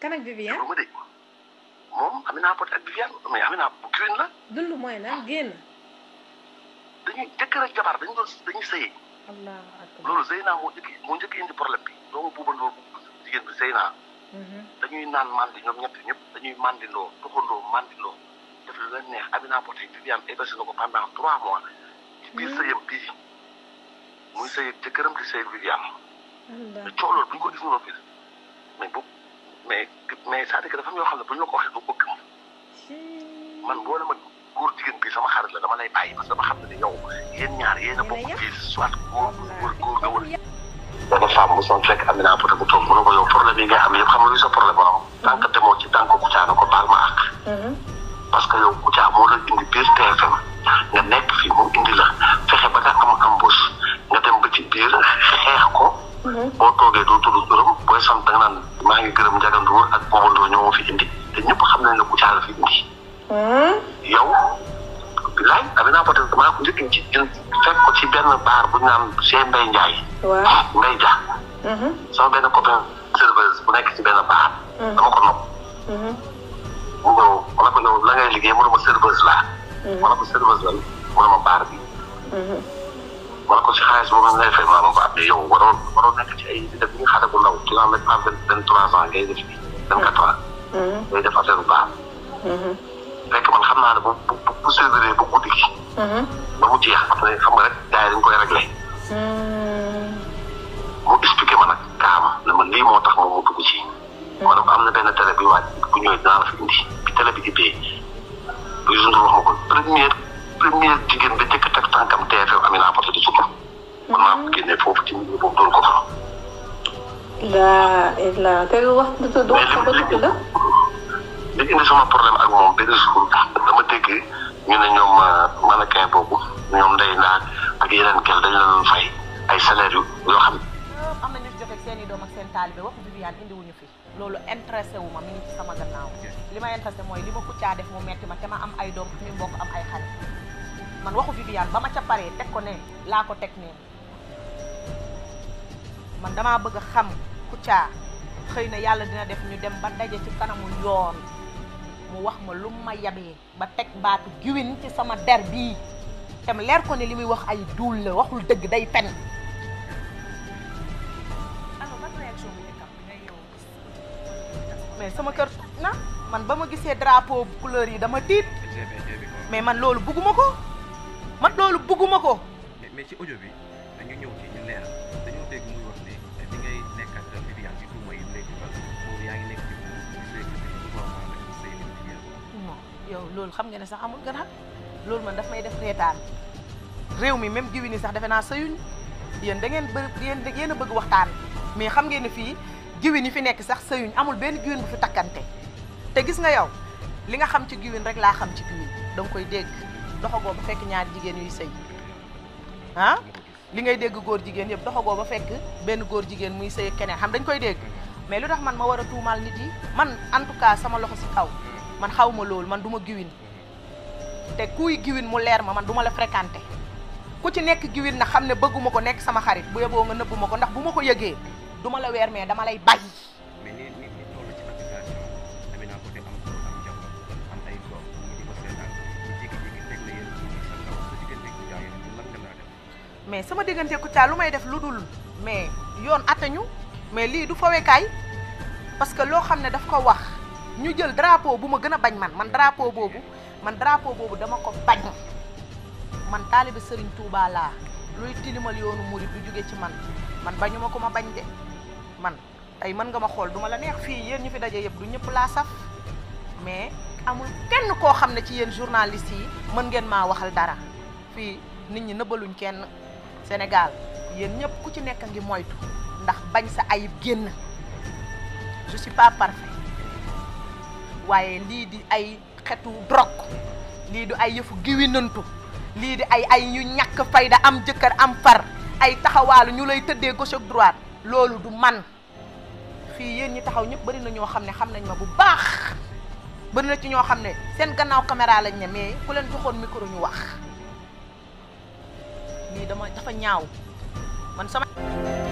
kan ak Viviane déglu ma de moom Amina Poté ak Viviane mais Amina bu kiwin la. dund mooy lan génn. dañuy jëkkër ak jabar dañu doon dañuy sëyee. loolu Zeyna moo njëkk moo njëkk indi problème bi doomu buuba loolu jigéen bi Zeyna. Mhm. dañuy naan mandi ñoom ñett ñëpp dañuy mandindoo tuxandoo mandindoo def lu leen neex Amina Poté Viviane hébergé na ko pendant trois mois. ci biir mhm. sëyam muy sëyeeg jëkkëram di sëyeeg Viviane. te coow loolu bu ñu ko gis noonu fii mais boobu. mais mais c'est-à-dire que dafa am xam ne bu ñu la ko ko gëm man boo ma góor jigéen bi sama xarit la dama lay bàyyi parce xam ne yow yéen ñaar yéen na bokk fii soit góor góor góor nga wala. benn femme bu soog fekk Amina Poté bu toog mu ne ko yow problème am yëpp xam nga sa problème am. Mm-hmm. tant que demoo ci tànk Kouthia ko baal ma àq. Mm-hmm. parce que yow Kouthia moo la indi biir TFM nga nekk fii mu indi la fexe ba nga am embauche nga dem ba ci biir xeex ko. Mm-hmm. boo toogee doo tudd turam booy sant da nga naan. maa ngi gërëm Ndiaga Ndour ak Pape Ndour ñoo ma te ñëpp xam nañ ne Kouthia la fi indi. Hmm? yow laaj Amina Poté maa ko njëkk ci ko ci benn baar bu ñu naan chez Mbaye Ndiaye. waaw ah, Mbaye Dia. Hmm. benn copain serveuse bu nekk ci benn baar. Hmm. dama ko nopp. mu ñëw la ngay liggéey mënuma serveuse laa. ma ne ko serveuse la mënuma baar bi. wala ko si xaalis boo xam ne fay maa ko amee yow waroon waroon nekk ay def ñu xale bu ndaw ci nga xam ne par vingt trois ans ngay def vingt quatre mm-hmm. def affaire bu baax. Mm-hmm. fekk man xam naa ne bu bu bu séddale bu guddi gi. Mm-hmm. ba mu jeex parce que xam nga rek gars yi dañ koy réglé. mu expliqué ma nag kaama ne ma lii moo tax moom mu dugg ci. ma am na benn télé bi waaj ku ñëwee dinaa la fi indi bi télé bi ubbee bi Youssou Ndour wax ma ko première première jigéen ba njëkk a teg tànkam TFM Amina maanaam génne foofu ci mbir boobu dóor ko fa. laa ilaa te euh, xam. am na ñu doom ak seen taalibe waxu Viviane indi wuñu fi loolu ma mi ngi mooy li ma def mu ay doom mi mbokk am ay xale laa ko teg ne. man damaa bëgg xam xam ca xëy na yàlla dina def ñu dem ba daje ci kanamu yoon mu wax ma lu ma yabee ba teg baatu giwin ci sama der bii te mu leer ko ne li muy wax ay duul waxul dëgg day pen mais sama kër na man ba ma gisee drapeau couleurs yi dama tiit mais man loolu bugguma ko man loolu bugguma ko ci audio bi dañu ñëw loolu xam nga ne sax amul gën loolu man daf may def reetaan réew mi même jiw yi sax defe naa sëyuñ yéen da ngeen bë yéen a bëgg waxtaan mais xam ngeen ne fii jiwin yi fi nekk sax sëyuñ amul benn jiwin bu fi takkante te gis nga yow li nga xam ci jiwin rek laa xam ci jiwin da nga koy dégg doxagoo ba fekk ñaari jigéen yuy sëy ah li ngay dégg góor jigéen yëpp doxagoo ba fekk benn góor jigéen muy sëy keneen xam dañ koy dégg mais lu tax man ma war a tuumaal nit yi man en tout cas sama loxo ci kaw man xaw loolu man duma ma giwin te kuy giwin mu leer ma man du ma la fréquenté ku ci nekk giwin na xam ne bëgguma ko nekk sama xarit bu yeboo nga nëbb ma ko ndax bu ma ko yëgee duma la weer mais dama lay bàyyi. sama diggante ku caa lu may def lu dul mais yoon attañu mais lii du fawekaay parce que loo xam ne daf ko wax. ñu jël drapeau bu ma gën a bañ man man drapeau boobu man drapeau boobu dama ko bañ man taalibe Serigne Touba laa luy tilimal yoonu murid du jóge ci man man bañu ma ko ma bañ de man tey mën nga ma xool duma la neex fii yéen ñu fi daje yëpp du ñëpp laa saf mais amul kenn koo xam ne ci yéen journaliste yi mën ngeen maa waxal dara fii nit ñi nëbbaluñ kenn Sénégal yéen ñëpp ku ci nekk ngi moytu ndax bañ sa ayib génn je suis pas waaye lii di ay xetu drogue lii du ay yëfu giwinantu lii di ay ay ñu ñàkk fayda am jëkkër am far ay taxawaalu ñu lay tëddee gauche ak droite loolu du man fii yéen ñi taxaw ñëpp bari na ñoo xam ne xam nañ ma bu baax bari na ci ñoo xam ne seen gannaaw caméra lañ ne mais ku leen joxoon micro ñu wax lii dama dafa ñaaw man sama